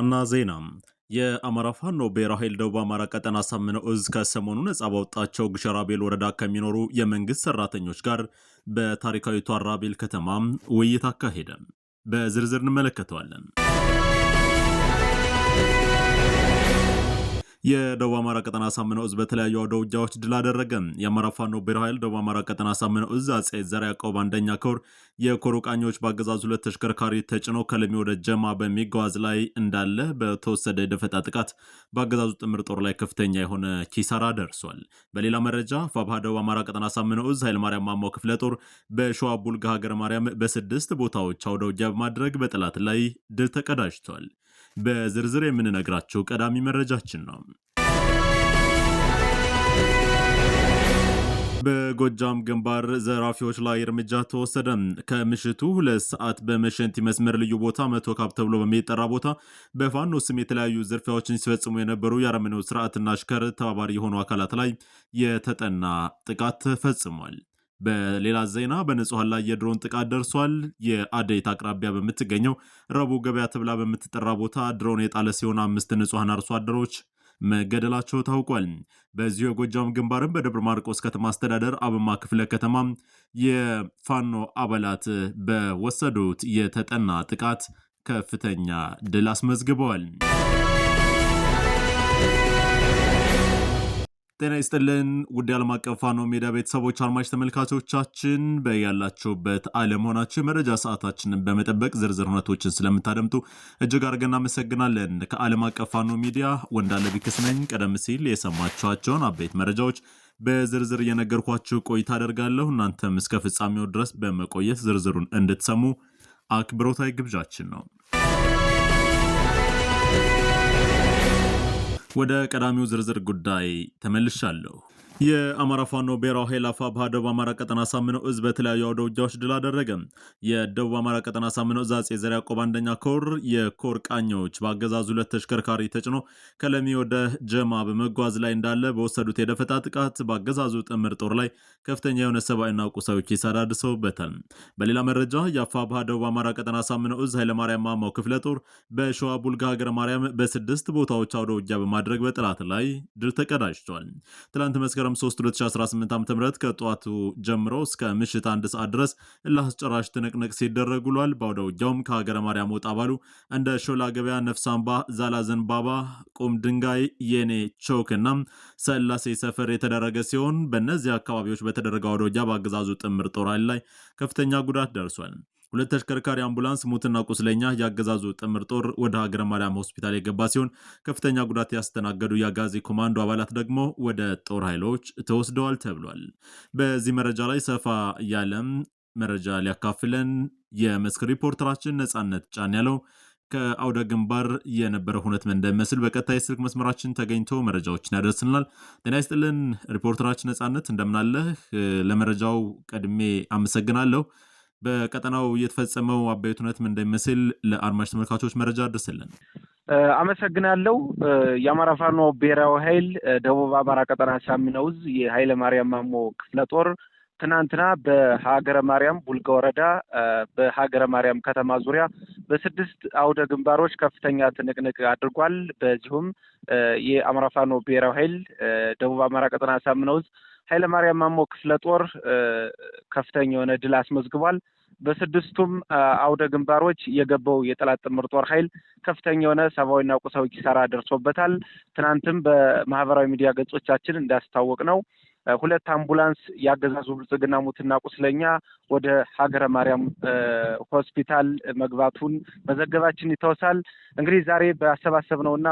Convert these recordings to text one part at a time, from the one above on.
ዋና ዜና የአማራ ፋኖ ብሔራዊ ኃይል ደቡብ አማራ ቀጠና አሳምነው እዝ ከሰሞኑ ነጻ ባወጣቸው ግሸራቤል ወረዳ ከሚኖሩ የመንግስት ሰራተኞች ጋር በታሪካዊቷ አራቤል ከተማ ውይይት አካሄደ። በዝርዝር እንመለከተዋለን። የደቡብ አማራ ቀጠና አሳምነው እዝ በተለያዩ አውደ ውጊያዎች ድል አደረገ። የአማራ ፋኖ ብሔራዊ ኃይል ደቡብ አማራ ቀጠና አሳምነው እዝ አጼ ዘርዓ ያዕቆብ አንደኛ ኮር የኮሩቃኞች ቃኞች በአገዛዙ ሁለት ተሽከርካሪ ተጭኖ ከለሚ ወደ ጀማ በሚጓዝ ላይ እንዳለ በተወሰደ የደፈጣ ጥቃት በአገዛዙ ጥምር ጦር ላይ ከፍተኛ የሆነ ኪሳራ ደርሷል። በሌላ መረጃ ፋብሃ ደቡብ አማራ ቀጠና አሳምነው እዝ ኃይለማርያም ማማው ክፍለ ጦር በሸዋ ቡልጋ ሀገረ ማርያም በስድስት ቦታዎች አውደ ውጊያ በማድረግ በጠላት ላይ ድል ተቀዳጅቷል። በዝርዝር የምንነግራቸው ቀዳሚ መረጃችን ነው። በጎጃም ግንባር ዘራፊዎች ላይ እርምጃ ተወሰደ። ከምሽቱ ሁለት ሰዓት በመሸንቲ መስመር ልዩ ቦታ መቶ ካብ ተብሎ በሚጠራ ቦታ በፋኖ ስም የተለያዩ ዝርፊያዎችን ሲፈጽሙ የነበሩ የአረመኔው ስርዓትና አሽከር ተባባሪ የሆኑ አካላት ላይ የተጠና ጥቃት ተፈጽሟል። በሌላ ዜና በንጹሐን ላይ የድሮን ጥቃት ደርሷል። የአደይት አቅራቢያ በምትገኘው ረቡ ገበያ ተብላ በምትጠራ ቦታ ድሮን የጣለ ሲሆን አምስት ንጹሐን አርሶ አደሮች መገደላቸው ታውቋል። በዚሁ የጎጃም ግንባርም በደብረ ማርቆስ ከተማ አስተዳደር አበማ ክፍለ ከተማ የፋኖ አባላት በወሰዱት የተጠና ጥቃት ከፍተኛ ድል አስመዝግበዋል። ጤና ይስጥልን ውድ ዓለም አቀፍ ፋኖ ሜዳ ቤተሰቦች አድማጭ ተመልካቾቻችን በያላችሁበት አለም ሆናችሁ የመረጃ ሰዓታችንን በመጠበቅ ዝርዝር እውነቶችን ስለምታደምጡ እጅግ አድርገን እናመሰግናለን። ከዓለም አቀፍ ፋኖ ሚዲያ ወንዳለ ቢክስ ነኝ። ቀደም ሲል የሰማችኋቸውን አበይት መረጃዎች በዝርዝር እየነገርኳችሁ ቆይታ አደርጋለሁ። እናንተም እስከ ፍጻሜው ድረስ በመቆየት ዝርዝሩን እንድትሰሙ አክብሮታዊ ግብዣችን ነው። ወደ ቀዳሚው ዝርዝር ጉዳይ ተመልሻለሁ። የአማራ ፋኖ ብሔራዊ ኃይል አፋባ ደቡብ አማራ ቀጠና ሳምነው እዝ በተለያዩ አውደ ውጊያዎች ድል አደረገ። የደቡብ አማራ ቀጠና ሳምነው እዝ አፄ ዘርዓ ያዕቆብ አንደኛ ኮር የኮር ቃኞች በአገዛዙ ሁለት ተሽከርካሪ ተጭኖ ከለሚ ወደ ጀማ በመጓዝ ላይ እንዳለ በወሰዱት የደፈጣ ጥቃት በአገዛዙ ጥምር ጦር ላይ ከፍተኛ የሆነ ሰብአዊና ቁሳዊ ኪሳራ በሌላ መረጃ የአፋባ ደቡብ አማራ ቀጠና ሳምነው እዝ ኃይለማርያም ማማው ክፍለ ጦር በሸዋ ቡልጋ ሀገረ ማርያም በስድስት ቦታዎች አውደ ውጊያ በማድረግ በጠላት ላይ ድል ተቀዳጅቷል። ትላንት መስከረም መስከረም 3 2018 ም ከጠዋቱ ጀምሮ እስከ ምሽት አንድ ሰዓት ድረስ እልህ ትንቅንቅ ሲደረግ ውሏል። በአውደ ውጊያውም ከሀገረ ማርያም ወጣ ባሉ እንደ ሾላ ገበያ፣ ነፍስ አምባ፣ ዛላ ዘንባባ፣ ቁም ድንጋይ፣ የኔ ቾክ እና ሰላሴ ሰፈር የተደረገ ሲሆን በእነዚህ አካባቢዎች በተደረገ አውደ ውጊያ በአገዛዙ ጥምር ጦር ላይ ከፍተኛ ጉዳት ደርሷል። ሁለት ተሽከርካሪ አምቡላንስ ሙትና ቁስለኛ የአገዛዙ ጥምር ጦር ወደ ሀገረ ማርያም ሆስፒታል የገባ ሲሆን ከፍተኛ ጉዳት ያስተናገዱ የአጋዚ ኮማንዶ አባላት ደግሞ ወደ ጦር ኃይሎች ተወስደዋል ተብሏል። በዚህ መረጃ ላይ ሰፋ ያለም መረጃ ሊያካፍለን የመስክ ሪፖርተራችን ነጻነት ጫን ያለው ከአውደ ግንባር የነበረ ሁነት ምን እንደሚመስል በቀጣይ ስልክ መስመራችን ተገኝቶ መረጃዎችን ያደርስናል። ጤና ይስጥልን ሪፖርተራችን ነጻነት እንደምናለህ? ለመረጃው ቀድሜ አመሰግናለሁ። በቀጠናው የተፈጸመው አበይት ሁነት ምን እንደሚመስል ለአድማጭ ተመልካቾች መረጃ አድርሰልን። አመሰግናለሁ። የአማራ ፋኖ ብሔራዊ ኃይል ደቡብ አማራ ቀጠና ሳሚነውዝ የኃይለ ማርያም ማሞ ክፍለ ጦር ትናንትና በሀገረ ማርያም ቡልጋ ወረዳ በሀገረ ማርያም ከተማ ዙሪያ በስድስት አውደ ግንባሮች ከፍተኛ ትንቅንቅ አድርጓል። በዚሁም የአማራ ፋኖ ብሔራዊ ኃይል ደቡብ አማራ ቀጠና ሳምነውዝ ኃይለማርያም ማሞ ክፍለ ጦር ከፍተኛ የሆነ ድል አስመዝግቧል። በስድስቱም አውደ ግንባሮች የገባው የጠላት ጥምር ጦር ኃይል ከፍተኛ የሆነ ሰብአዊና ቁሳዊ ኪሳራ ደርሶበታል። ትናንትም በማህበራዊ ሚዲያ ገጾቻችን እንዳስታወቅ ነው ሁለት አምቡላንስ የአገዛዙ ብልጽግና ሙትና ቁስለኛ ወደ ሀገረ ማርያም ሆስፒታል መግባቱን መዘገባችን ይታወሳል። እንግዲህ ዛሬ ነው እና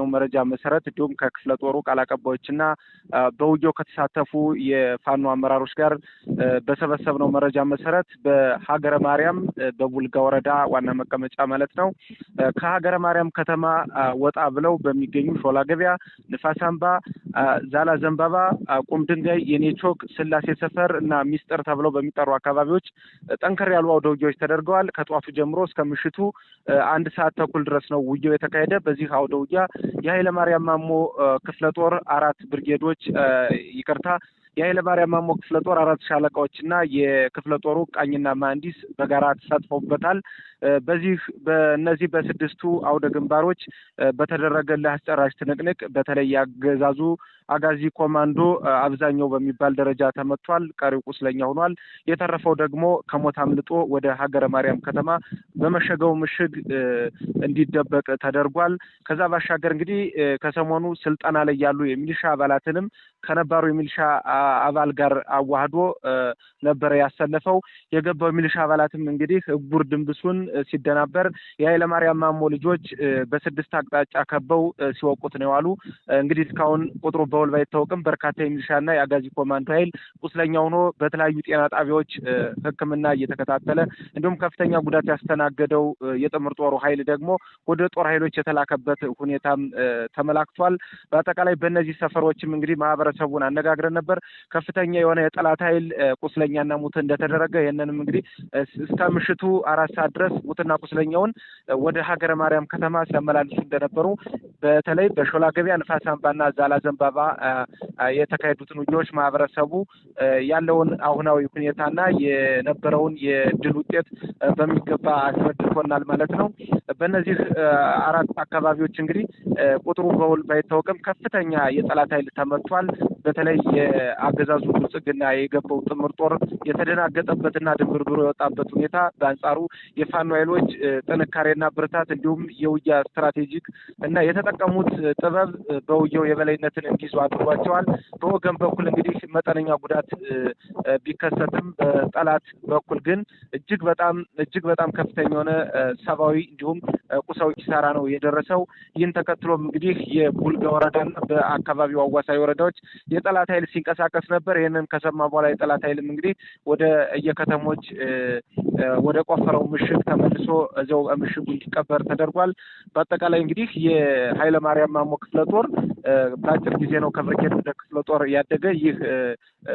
ነው መረጃ መሰረት እንዲሁም ከክፍለ ጦሩ ቃል አቀባዮችና በውጊያው ከተሳተፉ የፋኖ አመራሮች ጋር በሰበሰብነው መረጃ መሰረት በሀገረ ማርያም በቡልጋ ወረዳ ዋና መቀመጫ ማለት ነው ከሀገረ ማርያም ከተማ ወጣ ብለው በሚገኙ ሾላ ገበያ፣ ንፋሳምባ፣ ዛላ ዘንባባ፣ ቁምድ ድንጋይ፣ የኔቾክ፣ ስላሴ ሰፈር እና ሚስጥር ተብለው በሚጠሩ አካባቢዎች ጠንከር ያሉ አውደ ውጊያዎች ተደርገዋል። ከጧቱ ጀምሮ እስከ ምሽቱ አንድ ሰዓት ተኩል ድረስ ነው ውጊያው የተካሄደ። በዚህ አውደ ውጊያ የኃይለማርያም ማሞ ክፍለ ጦር አራት ብርጌዶች ይቅርታ ማርያም ማሞ ክፍለ ጦር አራት ሻለቃዎችና የክፍለ ጦሩ ቃኝና መሀንዲስ በጋራ ተሳትፈውበታል። በዚህ በእነዚህ በስድስቱ አውደ ግንባሮች በተደረገ ለአስጨራሽ ትንቅንቅ በተለይ ያገዛዙ አጋዚ ኮማንዶ አብዛኛው በሚባል ደረጃ ተመቷል። ቀሪው ቁስለኛ ሆኗል። የተረፈው ደግሞ ከሞት አምልጦ ወደ ሀገረ ማርያም ከተማ በመሸገው ምሽግ እንዲደበቅ ተደርጓል። ከዛ ባሻገር እንግዲህ ከሰሞኑ ስልጠና ላይ ያሉ የሚሊሻ አባላትንም ከነባሩ የሚሊሻ አባል ጋር አዋህዶ ነበረ ያሰለፈው። የገባው የሚሊሻ አባላትም እንግዲህ እጉር ድንብሱን ሲደናበር ማርያም ማሞ ልጆች በስድስት አቅጣጫ ከበው ሲወቁት ነው የዋሉ። እንግዲህ እስካሁን ቁጥሩ እንደዋለ ባይታወቅም በርካታ የሚሊሻና የአጋዚ ኮማንዶ ኃይል ቁስለኛ ሆኖ በተለያዩ ጤና ጣቢያዎች ሕክምና እየተከታተለ እንዲሁም ከፍተኛ ጉዳት ያስተናገደው የጥምር ጦሩ ኃይል ደግሞ ወደ ጦር ኃይሎች የተላከበት ሁኔታም ተመላክቷል። በአጠቃላይ በእነዚህ ሰፈሮችም እንግዲህ ማህበረሰቡን አነጋግረን ነበር። ከፍተኛ የሆነ የጠላት ኃይል ቁስለኛና ሙት እንደተደረገ ይህንንም እንግዲህ እስከ ምሽቱ አራት ሰዓት ድረስ ሙትና ቁስለኛውን ወደ ሀገረ ማርያም ከተማ ሲያመላልሱ እንደነበሩ በተለይ በሾላ ገበያ፣ ንፋስ አምባና ዛላ ዘንባባ የተካሄዱትን ውጊያዎች ማህበረሰቡ ያለውን አሁናዊ ሁኔታና የነበረውን የድል ውጤት በሚገባ አስረድቶናል ማለት ነው። በእነዚህ አራት አካባቢዎች እንግዲህ ቁጥሩ በውል ባይታወቅም ከፍተኛ የጠላት ኃይል ተመቷል። በተለይ የአገዛዙ ብልጽግና የገባው ጥምር ጦር የተደናገጠበትና ድንብርብሮ የወጣበት ሁኔታ በአንጻሩ የፋኖ ኃይሎች ጥንካሬና ብርታት እንዲሁም የውያ ስትራቴጂክ እና የተጠቀሙት ጥበብ በውየው የበላይነትን እንዲይዙ አድርጓቸዋል። በወገን በኩል እንግዲህ መጠነኛ ጉዳት ቢከሰትም በጠላት በኩል ግን እጅግ በጣም እጅግ በጣም ከፍተኛ የሆነ ሰብአዊ እንዲሁም እንዲሁም ቁሳዊ ኪሳራ ነው የደረሰው። ይህን ተከትሎም እንግዲህ የቡልጋ ወረዳና በአካባቢው አዋሳኝ ወረዳዎች የጠላት ኃይል ሲንቀሳቀስ ነበር። ይህንን ከሰማ በኋላ የጠላት ኃይልም እንግዲህ ወደ እየከተሞች ወደ ቆፈረው ምሽግ ተመልሶ እዚያው ምሽጉ እንዲቀበር ተደርጓል። በአጠቃላይ እንግዲህ የኃይለማርያም ማሞ ክፍለ ጦር በአጭር ጊዜ ነው ከብርጌድ ወደ ክፍለ ጦር ያደገ። ይህ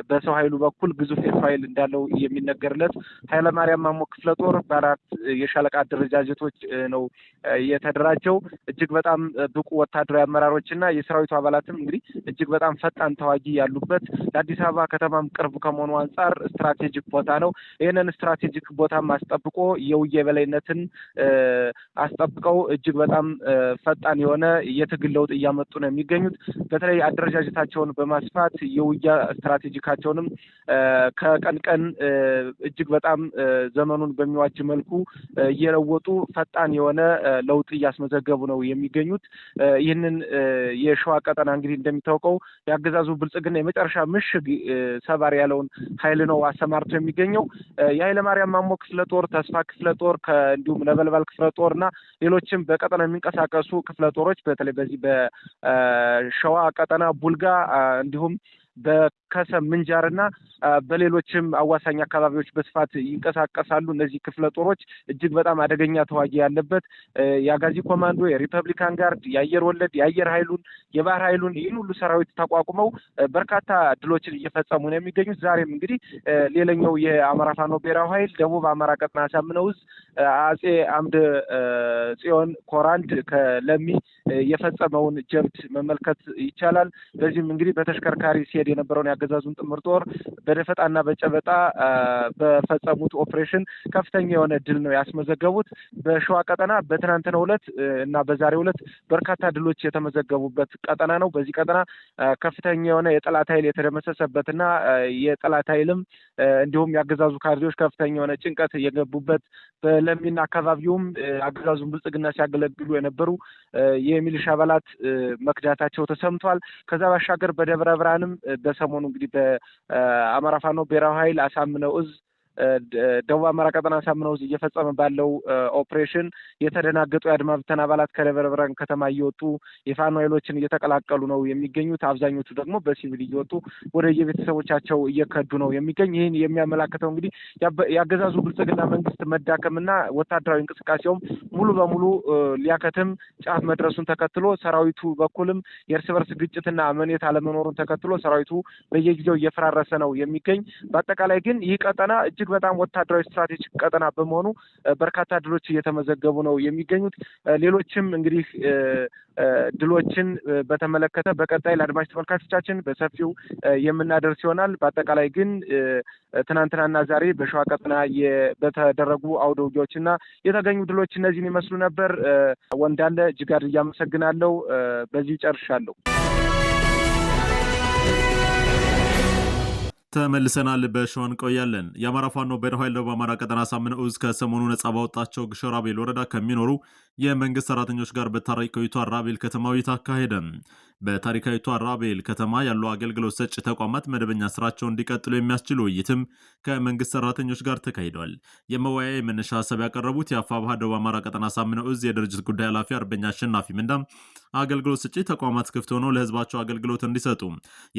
በሰው ኃይሉ በኩል ግዙፍ የሰው ኃይል እንዳለው የሚነገርለት ኃይለማርያም ማሞ ክፍለ ጦር በአራት የሻለቃ አደረጃጀቶች ነው የተደራጀው። እጅግ በጣም ብቁ ወታደራዊ አመራሮች እና የሰራዊቱ አባላትም እንግዲህ እጅግ በጣም ፈጣን ተዋጊ ያሉበት ለአዲስ አበባ ከተማም ቅርብ ከመሆኑ አንጻር ስትራቴጂክ ቦታ ነው። ይህንን ስትራቴጂክ ቦታም አስጠብቆ የውዬ በላይነትን አስጠብቀው እጅግ በጣም ፈጣን የሆነ የትግል ለውጥ እያመጡ ነው የሚገኝ የሚገኙት። በተለይ አደረጃጀታቸውን በማስፋት የውጊያ ስትራቴጂካቸውንም ከቀን ቀን እጅግ በጣም ዘመኑን በሚዋጅ መልኩ እየለወጡ ፈጣን የሆነ ለውጥ እያስመዘገቡ ነው የሚገኙት። ይህንን የሸዋ ቀጠና እንግዲህ እንደሚታወቀው የአገዛዙ ብልጽግና የመጨረሻ ምሽግ ሰባሪ ያለውን ኃይል ነው አሰማርቶ የሚገኘው። የኃይለማርያም ማሞ ክፍለ ጦር፣ ተስፋ ክፍለ ጦር እንዲሁም ነበልባል ክፍለ ጦር እና ሌሎችም በቀጠና የሚንቀሳቀሱ ክፍለ ጦሮች በተለይ በዚህ ሸዋ ቀጠና ቡልጋ እንዲሁም በከሰ ምንጃርና በሌሎችም አዋሳኝ አካባቢዎች በስፋት ይንቀሳቀሳሉ። እነዚህ ክፍለ ጦሮች እጅግ በጣም አደገኛ ተዋጊ ያለበት የአጋዚ ኮማንዶ፣ የሪፐብሊካን ጋርድ፣ የአየር ወለድ፣ የአየር ኃይሉን፣ የባህር ኃይሉን ይህን ሁሉ ሰራዊት ተቋቁመው በርካታ ድሎችን እየፈጸሙ ነው የሚገኙት። ዛሬም እንግዲህ ሌላኛው የአማራ ፋኖ ብሔራዊ ኃይል ደቡብ አማራ ቀጥና አሳምነው አጼ አምደ ጽዮን ኮራንድ ከለሚ የፈጸመውን ጀብድ መመልከት ይቻላል። በዚህም እንግዲህ በተሽከርካሪ ሲሄድ የነበረውን ያገዛዙን ጥምር ጦር በደፈጣና በጨበጣ በፈጸሙት ኦፕሬሽን ከፍተኛ የሆነ ድል ነው ያስመዘገቡት። በሸዋ ቀጠና በትናንትናው ዕለት እና በዛሬው ዕለት በርካታ ድሎች የተመዘገቡበት ቀጠና ነው። በዚህ ቀጠና ከፍተኛ የሆነ የጠላት ኃይል የተደመሰሰበትና የጠላት ኃይልም እንዲሁም የአገዛዙ ካድሬዎች ከፍተኛ የሆነ ጭንቀት የገቡበት በለሚና አካባቢውም አገዛዙን ብልጽግና ሲያገለግሉ የነበሩ የሚሊሻ አባላት መክዳታቸው ተሰምቷል። ከዛ ባሻገር በደብረ ብርሃንም በሰሞኑ እንግዲህ የአማራ ፋኖ ብሔራዊ ኃይል አሳምነው እዝ ደቡብ አማራ ቀጠና ሳምነው እየፈጸመ ባለው ኦፕሬሽን የተደናገጡ የአድማ ብተን አባላት ከደብረ ብርሃን ከተማ እየወጡ የፋኖ ኃይሎችን እየተቀላቀሉ ነው የሚገኙት። አብዛኞቹ ደግሞ በሲቪል እየወጡ ወደ የቤተሰቦቻቸው እየከዱ ነው የሚገኝ። ይህን የሚያመላክተው እንግዲህ የአገዛዙ ብልጽግና መንግስት መዳከምና ወታደራዊ እንቅስቃሴውም ሙሉ በሙሉ ሊያከትም ጫፍ መድረሱን ተከትሎ ሰራዊቱ በኩልም የእርስ በርስ ግጭትና መኔት አለመኖሩን ተከትሎ ሰራዊቱ በየጊዜው እየፈራረሰ ነው የሚገኝ። በአጠቃላይ ግን ይህ ቀጠና እጅግ እጅግ በጣም ወታደራዊ ስትራቴጂክ ቀጠና በመሆኑ በርካታ ድሎች እየተመዘገቡ ነው የሚገኙት። ሌሎችም እንግዲህ ድሎችን በተመለከተ በቀጣይ ለአድማጭ ተመልካቾቻችን በሰፊው የምናደርስ ይሆናል። በአጠቃላይ ግን ትናንትናና ዛሬ በሸዋ ቀጠና በተደረጉ አውደ እና የተገኙ ድሎች እነዚህን ይመስሉ ነበር። ወንዳለ ጅጋድ እያመሰግናለሁ። በዚህ ጨርሻለሁ። ተመልሰናል። በሸዋ እንቆያለን። የአማራ ፋኖ በደ ኃይል ደቡብ አማራ ቀጠና ሳምነው ዕዝ ከሰሞኑ ነጻ ባወጣቸው ግሸር ራቤል ወረዳ ከሚኖሩ የመንግስት ሰራተኞች ጋር በታራቂ ቆይቶ አራቤል ከተማዊ ታካሄደ በታሪካዊቷ ራቤል ከተማ ያሉ አገልግሎት ሰጪ ተቋማት መደበኛ ስራቸውን እንዲቀጥሉ የሚያስችል ውይይትም ከመንግስት ሰራተኞች ጋር ተካሂደዋል። የመወያያ መነሻ ሀሳብ ያቀረቡት የአፋ ባህር ደቡብ አማራ ቀጠና ሳምነው እዝ የድርጅት ጉዳይ ኃላፊ አርበኛ አሸናፊ ምንዳም አገልግሎት ሰጪ ተቋማት ክፍት ሆነው ለህዝባቸው አገልግሎት እንዲሰጡ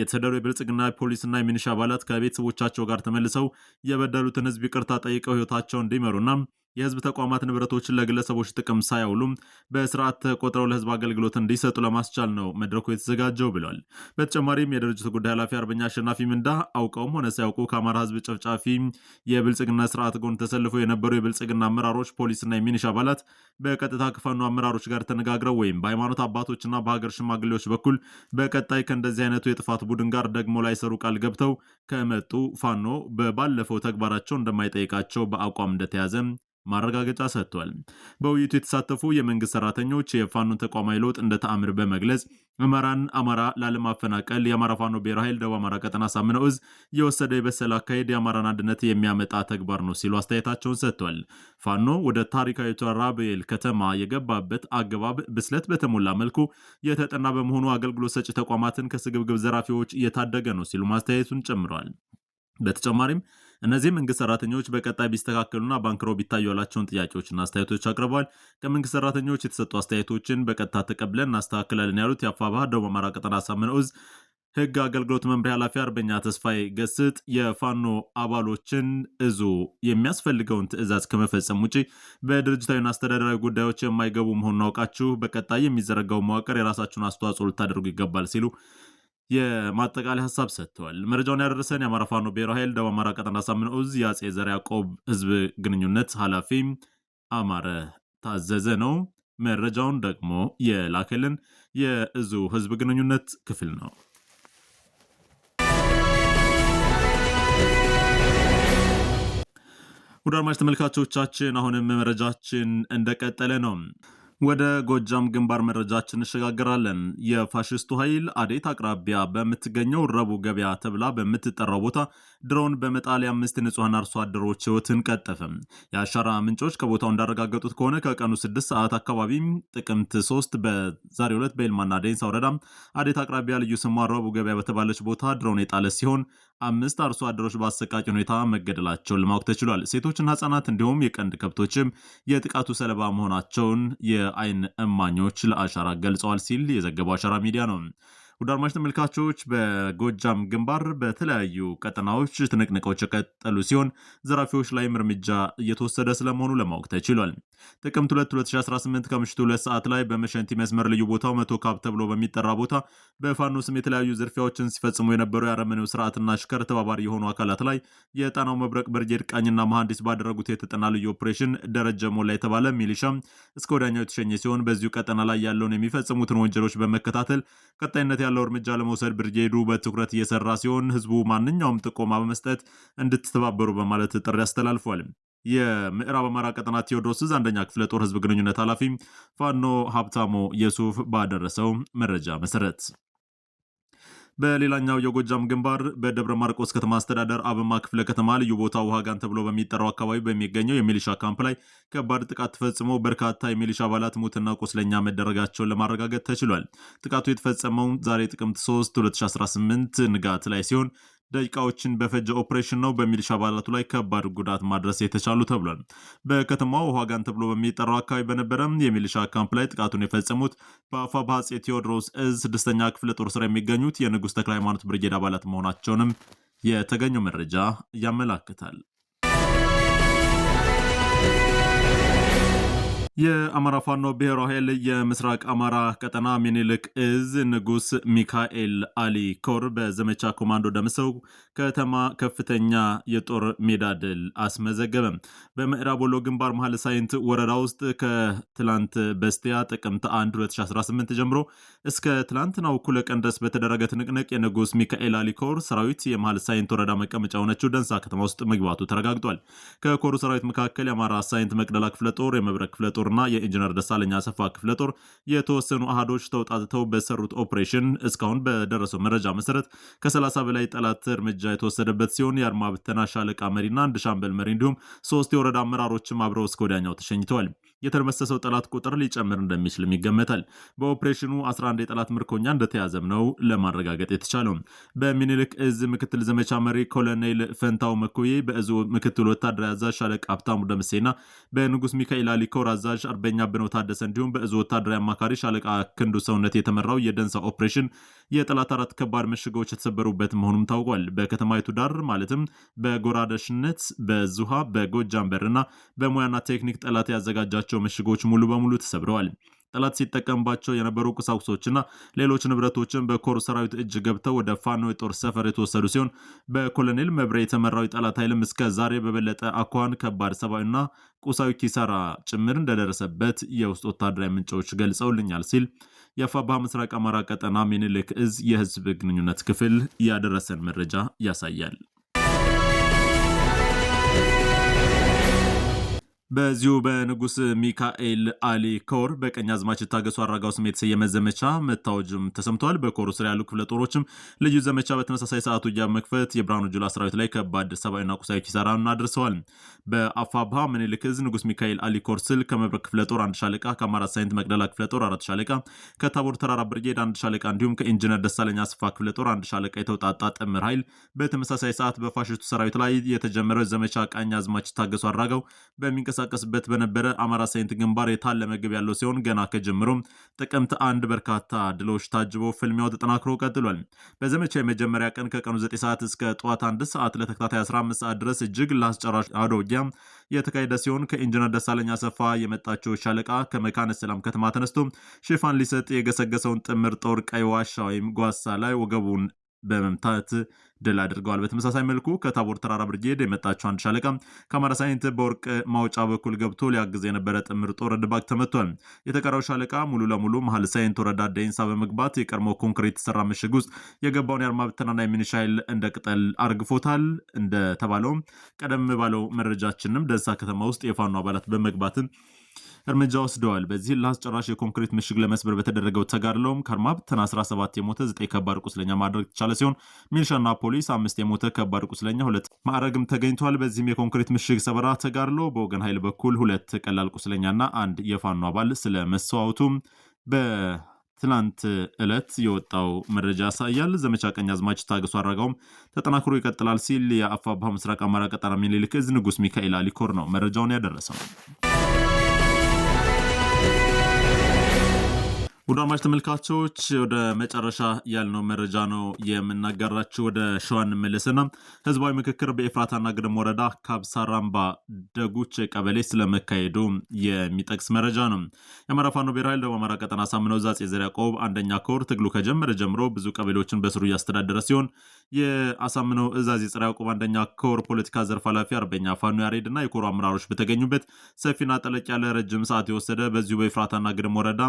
የተሰደሩ የብልጽግና ፖሊስና የሚኒሻ አባላት ከቤተሰቦቻቸው ጋር ተመልሰው የበደሉትን ህዝብ ይቅርታ ጠይቀው ህይወታቸው እንዲመሩና የህዝብ ተቋማት ንብረቶችን ለግለሰቦች ጥቅም ሳያውሉም በስርዓት ተቆጥረው ለህዝብ አገልግሎት እንዲሰጡ ለማስቻል ነው መድረኩ የተዘጋጀው ብሏል። በተጨማሪም የድርጅቱ ጉዳይ ኃላፊ አርበኛ አሸናፊ ምንዳ አውቀውም ሆነ ሳያውቁ ከአማራ ህዝብ ጨፍጫፊ የብልጽግና ስርዓት ጎን ተሰልፈው የነበሩ የብልጽግና አመራሮች፣ ፖሊስና የሚኒሻ አባላት በቀጥታ ከፋኖ አመራሮች ጋር ተነጋግረው ወይም በሃይማኖት አባቶችና በሀገር ሽማግሌዎች በኩል በቀጣይ ከእንደዚህ አይነቱ የጥፋት ቡድን ጋር ደግሞ ላይሰሩ ቃል ገብተው ከመጡ ፋኖ በባለፈው ተግባራቸው እንደማይጠይቃቸው በአቋም እንደተያዘ ማረጋገጫ ሰጥቷል። በውይይቱ የተሳተፉ የመንግስት ሰራተኞች የፋኖን ተቋማዊ ለውጥ እንደ ተአምር በመግለጽ አማራን አማራ ላለማፈናቀል የአማራ ፋኖ ብሔራዊ ኃይል ደቡብ አማራ ቀጠና ሳምነው እዝ የወሰደ የበሰለ አካሄድ የአማራን አንድነት የሚያመጣ ተግባር ነው ሲሉ አስተያየታቸውን ሰጥቷል። ፋኖ ወደ ታሪካዊቷ ራብኤል ከተማ የገባበት አገባብ ብስለት በተሞላ መልኩ የተጠና በመሆኑ አገልግሎት ሰጪ ተቋማትን ከስግብግብ ዘራፊዎች እየታደገ ነው ሲሉ ማስተያየቱን ጨምረዋል። በተጨማሪም እነዚህ መንግስት ሰራተኞች በቀጣይ ቢስተካከሉና ባንክሮ ቢታዩ ያላቸውን ጥያቄዎችና አስተያየቶች አቅርበዋል። ከመንግስት ሰራተኞች የተሰጡ አስተያየቶችን በቀጥታ ተቀብለን እናስተካክላለን ያሉት የአፋ ባህር ደቡብ አማራ ቀጠና ሳምን ዑዝ ህግ አገልግሎት መምሪያ ኃላፊ አርበኛ ተስፋይ ገስጥ የፋኖ አባሎችን እዙ የሚያስፈልገውን ትዕዛዝ ከመፈጸም ውጪ በድርጅታዊና አስተዳደራዊ ጉዳዮች የማይገቡ መሆኑን አውቃችሁ በቀጣይ የሚዘረጋው መዋቅር የራሳችሁን አስተዋጽኦ ልታደርጉ ይገባል ሲሉ የማጠቃለያ ሀሳብ ሰጥተዋል። መረጃውን ያደረሰን የአማራ ፋኖ ብሔራዊ ኃይል ደቡብ አማራ ቀጠና ሳምን እዝ የአጼ ዘር ያዕቆብ ህዝብ ግንኙነት ኃላፊ አማረ ታዘዘ ነው። መረጃውን ደግሞ የላከልን የእዙ ህዝብ ግንኙነት ክፍል ነው። ውድ አድማጭ ተመልካቾቻችን አሁንም መረጃችን እንደቀጠለ ነው። ወደ ጎጃም ግንባር መረጃችን እንሸጋገራለን። የፋሽስቱ ኃይል አዴት አቅራቢያ በምትገኘው ረቡ ገበያ ተብላ በምትጠራው ቦታ ድሮን በመጣል አምስት ንጹሐን አርሶ አደሮች ህይወትን ቀጠፈ። የአሻራ ምንጮች ከቦታው እንዳረጋገጡት ከሆነ ከቀኑ ስድስት ሰዓት አካባቢ ጥቅምት ሶስት በዛሬው ዕለት በኤልማና ዴንሳ ወረዳ አዴት አቅራቢያ ልዩ ስሟ ረቡ ገበያ በተባለች ቦታ ድሮን የጣለ ሲሆን አምስት አርሶ አደሮች በአሰቃቂ ሁኔታ መገደላቸውን ለማወቅ ተችሏል። ሴቶችና ህጻናት እንዲሁም የቀንድ ከብቶችም የጥቃቱ ሰለባ መሆናቸውን የአይን እማኞች ለአሻራ ገልጸዋል ሲል የዘገበው አሻራ ሚዲያ ነው። ውድ አድማጭ ተመልካቾች በጎጃም ግንባር በተለያዩ ቀጠናዎች ትንቅንቆች የቀጠሉ ሲሆን ዘራፊዎች ላይም እርምጃ እየተወሰደ ስለመሆኑ ለማወቅ ተችሏል። ጥቅምት 2 2018 ከምሽቱ ሁለት ሰዓት ላይ በመሸንቲ መስመር ልዩ ቦታው መቶ ካብ ተብሎ በሚጠራ ቦታ በፋኖ ስም የተለያዩ ዝርፊያዎችን ሲፈጽሙ የነበሩ የአረመኔው ስርዓትና ሽከር ተባባሪ የሆኑ አካላት ላይ የጣናው መብረቅ ብርጌድ ቃኝና መሐንዲስ ባደረጉት የተጠና ልዩ ኦፕሬሽን ደረጀ ሞላ የተባለ ሚሊሻ እስከ ወዲያኛው የተሸኘ ሲሆን በዚሁ ቀጠና ላይ ያለውን የሚፈጽሙትን ወንጀሎች በመከታተል ቀጣይነት ያለው እርምጃ ለመውሰድ ብርጌዱ በትኩረት እየሰራ ሲሆን ህዝቡ ማንኛውም ጥቆማ በመስጠት እንድትተባበሩ በማለት ጥሪ አስተላልፏል። የምዕራብ አማራ ቀጠና ቴዎድሮስ አንደኛ ክፍለ ጦር ህዝብ ግንኙነት ኃላፊ ፋኖ ሀብታሞ የሱፍ ባደረሰው መረጃ መሰረት በሌላኛው የጎጃም ግንባር በደብረ ማርቆስ ከተማ አስተዳደር አበማ ክፍለ ከተማ ልዩ ቦታ ውሃጋን ተብሎ በሚጠራው አካባቢ በሚገኘው የሚሊሻ ካምፕ ላይ ከባድ ጥቃት ተፈጽሞ በርካታ የሚሊሻ አባላት ሙትና ቁስለኛ መደረጋቸውን ለማረጋገጥ ተችሏል። ጥቃቱ የተፈጸመው ዛሬ ጥቅምት 3 2018 ንጋት ላይ ሲሆን ደቂቃዎችን በፈጀ ኦፕሬሽን ነው በሚሊሻ አባላቱ ላይ ከባድ ጉዳት ማድረስ የተቻሉ ተብሏል። በከተማ ውሃጋን ተብሎ በሚጠራው አካባቢ በነበረ የሚሊሻ ካምፕ ላይ ጥቃቱን የፈጸሙት በአፋ በአፄ ቴዎድሮስ እዝ ስድስተኛ ክፍለ ጦር ስር የሚገኙት የንጉሥ ተክለ ሃይማኖት ብርጌድ አባላት መሆናቸውንም የተገኘው መረጃ ያመላክታል። የአማራ ፋኖ ብሔራዊ ኃይል የምስራቅ አማራ ቀጠና ሚኒልክ እዝ ንጉስ ሚካኤል አሊ ኮር በዘመቻ ኮማንዶ ደምሰው ከተማ ከፍተኛ የጦር ሜዳ ድል አስመዘገበም። በምዕራብ ወሎ ግንባር መሀል ሳይንት ወረዳ ውስጥ ከትላንት በስቲያ ጥቅምት 1 2018 ጀምሮ እስከ ትላንትናው እኩለ ቀን ድረስ በተደረገ ትንቅንቅ የንጉስ ሚካኤል አሊ ኮር ሰራዊት የመሀል ሳይንት ወረዳ መቀመጫ የሆነችው ደንሳ ከተማ ውስጥ መግባቱ ተረጋግጧል። ከኮሩ ሰራዊት መካከል የአማራ ሳይንት መቅደላ ክፍለ ጦር፣ የመብረቅ ክፍለ ጦር ጦርና የኢንጂነር ደሳለኝ አሰፋ ክፍለ ጦር የተወሰኑ አህዶች ተውጣጥተው በሰሩት ኦፕሬሽን እስካሁን በደረሰው መረጃ መሰረት ከ30 በላይ ጠላት እርምጃ የተወሰደበት ሲሆን የአድማ ብተና ሻለቃ መሪና አንድ ሻምበል መሪ እንዲሁም ሶስት የወረዳ አመራሮችም አብረው እስከ ወዲያኛው ተሸኝተዋል። የተደመሰሰው ጠላት ቁጥር ሊጨምር እንደሚችልም ይገመታል። በኦፕሬሽኑ 11 የጠላት ምርኮኛ እንደተያዘም ነው ለማረጋገጥ የተቻለው። በሚኒልክ እዝ ምክትል ዘመቻ መሪ ኮሎኔል ፈንታው መኮዬ፣ በእዙ ምክትል ወታደራዊ አዛዥ ሻለቃ ሀብታሙ ደምሴና በንጉስ ሚካኤል አሊኮር አዛዥ አርበኛ ብነው ታደሰ እንዲሁም በእዙ ወታደራዊ አማካሪ ሻለቃ ክንዱ ሰውነት የተመራው የደንሳ ኦፕሬሽን የጠላት አራት ከባድ ምሽጎች የተሰበሩበት መሆኑም ታውቋል። በከተማይቱ ዳር ማለትም በጎራደሽነት፣ በዙሃ፣ በጎጃም በርና በሙያና ቴክኒክ ጠላት ያዘጋጃቸው የያዛቸው ምሽጎች ሙሉ በሙሉ ተሰብረዋል። ጠላት ሲጠቀምባቸው የነበሩ ቁሳቁሶችና ሌሎች ንብረቶችን በኮር ሰራዊት እጅ ገብተው ወደ ፋኖ የጦር ሰፈር የተወሰዱ ሲሆን በኮሎኔል መብሬ የተመራው የጠላት ኃይልም እስከ ዛሬ በበለጠ አኳን ከባድ ሰብአዊና ቁሳዊ ኪሳራ ጭምር እንደደረሰበት የውስጥ ወታደራዊ ምንጮች ገልጸውልኛል ሲል የአፋባ ምስራቅ አማራ ቀጠና ሚኒልክ እዝ የህዝብ ግንኙነት ክፍል ያደረሰን መረጃ ያሳያል። በዚሁ በንጉስ ሚካኤል አሊ ኮር በቀኝ አዝማች የታገሱ አራጋው ስም የተሰየመ ዘመቻ መታወጅም ተሰምተዋል። በኮሩ ስር ያሉ ክፍለ ጦሮችም ልዩ ዘመቻ በተመሳሳይ ሰዓቱ ውጊያ መክፈት የብርሃኑ ጁላ ሰራዊት ላይ ከባድ ሰብአዊና ቁሳዊ ኪሳራን አድርሰዋል። በአፋብሃ ምኒልክ ዕዝ ንጉስ ሚካኤል አሊ ኮር ስል ከመብረቅ ክፍለ ጦር አንድ ሻለቃ፣ ከአማራ ሳይንት መቅደላ ክፍለ ጦር አራት ሻለቃ፣ ከታቦር ተራራ ብርጌድ አንድ ሻለቃ እንዲሁም ከኢንጂነር ደሳለኛ አስፋ ክፍለ ጦር አንድ ሻለቃ የተውጣጣ ጥምር ኃይል በተመሳሳይ ሰዓት በፋሽስቱ ሰራዊት ላይ የተጀመረው ዘመቻ አዝማች የታገሱ አራጋው በሚንቀሳ ሲንቀሳቀስበት በነበረ አማራ ሳይንት ግንባር የታለመ ግብ ያለው ሲሆን ገና ከጀምሮም ጥቅምት አንድ በርካታ ድሎች ታጅቦ ፍልሚያው ተጠናክሮ ቀጥሏል። በዘመቻ የመጀመሪያ ቀን ከቀኑ 9 ሰዓት እስከ ጠዋት 1 ሰዓት ለተከታታይ 15 ሰዓት ድረስ እጅግ ላስጨራሽ አውደ ውጊያ የተካሄደ ሲሆን ከኢንጂነር ደሳለኝ አሰፋ የመጣችው ሻለቃ ከመካነ ሰላም ከተማ ተነስቶ ሽፋን ሊሰጥ የገሰገሰውን ጥምር ጦር ቀይ ዋሻ ወይም ጓሳ ላይ ወገቡን በመምታት ድል አድርገዋል። በተመሳሳይ መልኩ ከታቦር ተራራ ብርጌድ የመጣቸው አንድ ሻለቃ ከአማራ ሳይንት በወርቅ ማውጫ በኩል ገብቶ ሊያግዝ የነበረ ጥምር ጦር ድባቅ ተመቷል። የተቀረው ሻለቃ ሙሉ ለሙሉ መሀል ሳይንት ወረዳ ደንሳ በመግባት የቀድሞ ኮንክሪት የተሰራ ምሽግ ውስጥ የገባውን የአርማ ብተናና የሚኒሻ ኃይል እንደ ቅጠል አርግፎታል። እንደተባለውም ቀደም ባለው መረጃችንም ደንሳ ከተማ ውስጥ የፋኖ አባላት በመግባትን እርምጃ ወስደዋል። በዚህ ለአስጨራሽ የኮንክሪት ምሽግ ለመስበር በተደረገው ተጋድለውም ከርማብተን 17 የሞተ 9 ከባድ ቁስለኛ ማድረግ የተቻለ ሲሆን ሚልሻና ፖሊስ አምስት የሞተ ከባድ ቁስለኛ ሁለት ማዕረግም ተገኝተዋል። በዚህም የኮንክሪት ምሽግ ሰበራ ተጋድሎ በወገን ኃይል በኩል ሁለት ቀላል ቁስለኛና አንድ የፋኖ አባል ስለ በ ትናንት ዕለት የወጣው መረጃ ያሳያል። ዘመቻ ቀኝ አዝማች ታገሱ አረጋውም ተጠናክሮ ይቀጥላል ሲል የአፋብሃ ምስራቅ አማራ ቀጠና ምኒልክ እዝ ንጉስ ሚካኤል አሊኮር ነው መረጃውን ያደረሰው። ቡድ አድማጭ ተመልካቾች ወደ መጨረሻ ያልነው መረጃ ነው የምናጋራችሁ። ወደ ሸዋ እንመለስና ህዝባዊ ምክክር በኤፍራታና ግድም ወረዳ ካብሳራምባ ደጉች ቀበሌ ስለመካሄዱ የሚጠቅስ መረጃ ነው። የአማራ ፋኖ ብሔራዊ ኃይል ደቡብ አማራ ቀጠና ሳምነው ዛጼ ዘርዓ ያዕቆብ አንደኛ ኮር ትግሉ ከጀመረ ጀምሮ ብዙ ቀበሌዎችን በስሩ እያስተዳደረ ሲሆን የአሳምነው እዛዝ የዘርዓ ያዕቆብ አንደኛ ኮር ፖለቲካ ዘርፍ ኃላፊ አርበኛ ፋኖ ያሬድ ያሬድና የኮሩ አመራሮች በተገኙበት ሰፊና ጠለቅ ያለ ረጅም ሰዓት የወሰደ በዚሁ በኤፍራታና ግድም ወረዳ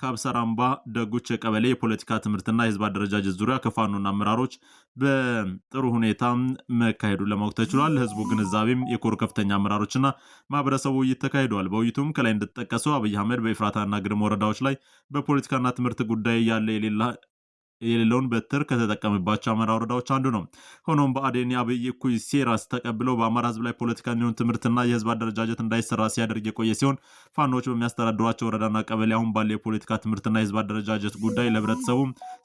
ካብሰራ አምባ ደጉች ቀበሌ የፖለቲካ ትምህርትና የህዝብ አደረጃጀት ዙሪያ ከፋኖና አመራሮች በጥሩ ሁኔታ መካሄዱ ለማወቅ ተችሏል። ለህዝቡ ግንዛቤም የኮር ከፍተኛ አመራሮችና ማህበረሰቡ ውይይት ተካሂደዋል። በውይይቱም ከላይ እንደተጠቀሰው አብይ አህመድ በኤፍራታና ግድም ወረዳዎች ላይ በፖለቲካና ትምህርት ጉዳይ ያለ የሌላ የሌለውን በትር ከተጠቀመባቸው አማራ ወረዳዎች አንዱ ነው። ሆኖም በአዴን አብይ እኩይ ሴራስ ተቀብለው በአማራ ህዝብ ላይ ፖለቲካ እንዲሆን ትምህርትና የህዝብ አደረጃጀት እንዳይሰራ ሲያደርግ የቆየ ሲሆን ፋኖች በሚያስተዳድሯቸው ወረዳና ቀበሌ አሁን ባለ የፖለቲካ ትምህርትና የህዝብ አደረጃጀት ጉዳይ ለህብረተሰቡ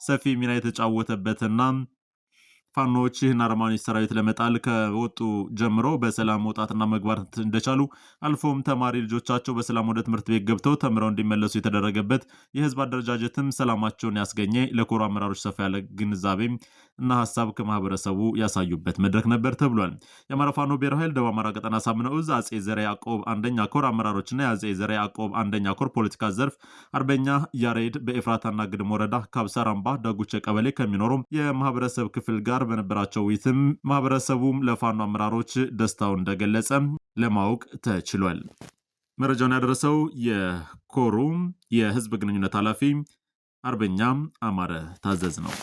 ሰፊ ሚና የተጫወተበትና ፋኖዎች ይህን አረማኔ ሰራዊት ለመጣል ከወጡ ጀምሮ በሰላም መውጣትና መግባት እንደቻሉ አልፎም ተማሪ ልጆቻቸው በሰላም ወደ ትምህርት ቤት ገብተው ተምረው እንዲመለሱ የተደረገበት የህዝብ አደረጃጀትም ሰላማቸውን ያስገኘ ለኮሮ አመራሮች ሰፋ ያለ ግንዛቤም እና ሀሳብ ከማህበረሰቡ ያሳዩበት መድረክ ነበር ተብሏል። የአማራ ፋኖ ብሔራዊ ኃይል ደቡብ አማራ ቀጠና ሳምነው እዝ አጼ ዘረ ያዕቆብ አንደኛ ኮር አመራሮችና የአጼ ዘረ ያዕቆብ አንደኛ ኮር ፖለቲካ ዘርፍ አርበኛ ያሬድ በኤፍራታና ግድም ወረዳ ካብሳራምባ ዳጉቼ ቀበሌ ከሚኖሩ የማህበረሰብ ክፍል ጋር በነበራቸው ውይይትም ማህበረሰቡም ለፋኖ አመራሮች ደስታውን እንደገለጸ ለማወቅ ተችሏል። መረጃውን ያደረሰው የኮሩ የህዝብ ግንኙነት ኃላፊ አርበኛ አማረ ታዘዝ ነው።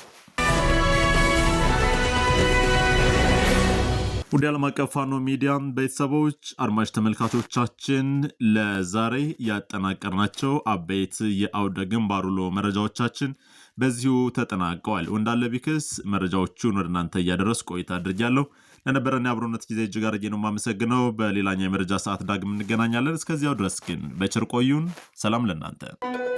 ወደ ዓለም አቀፍ ፋኖ ሚዲያ ቤተሰቦች አድማጭ ተመልካቾቻችን ለዛሬ ያጠናቀርናቸው አበይት የአውደ ግንባር ውሎ መረጃዎቻችን በዚሁ ተጠናቀዋል። ወንዳለ ቢክስ መረጃዎቹን ወደ እናንተ እያደረስ ቆይታ አድርጊያለሁ። ለነበረን የአብሮነት ጊዜ እጅግ አድርጌ ነው የማመሰግነው። በሌላኛው የመረጃ ሰዓት ዳግም እንገናኛለን። እስከዚያው ድረስ ግን በቸር ቆዩን። ሰላም ለእናንተ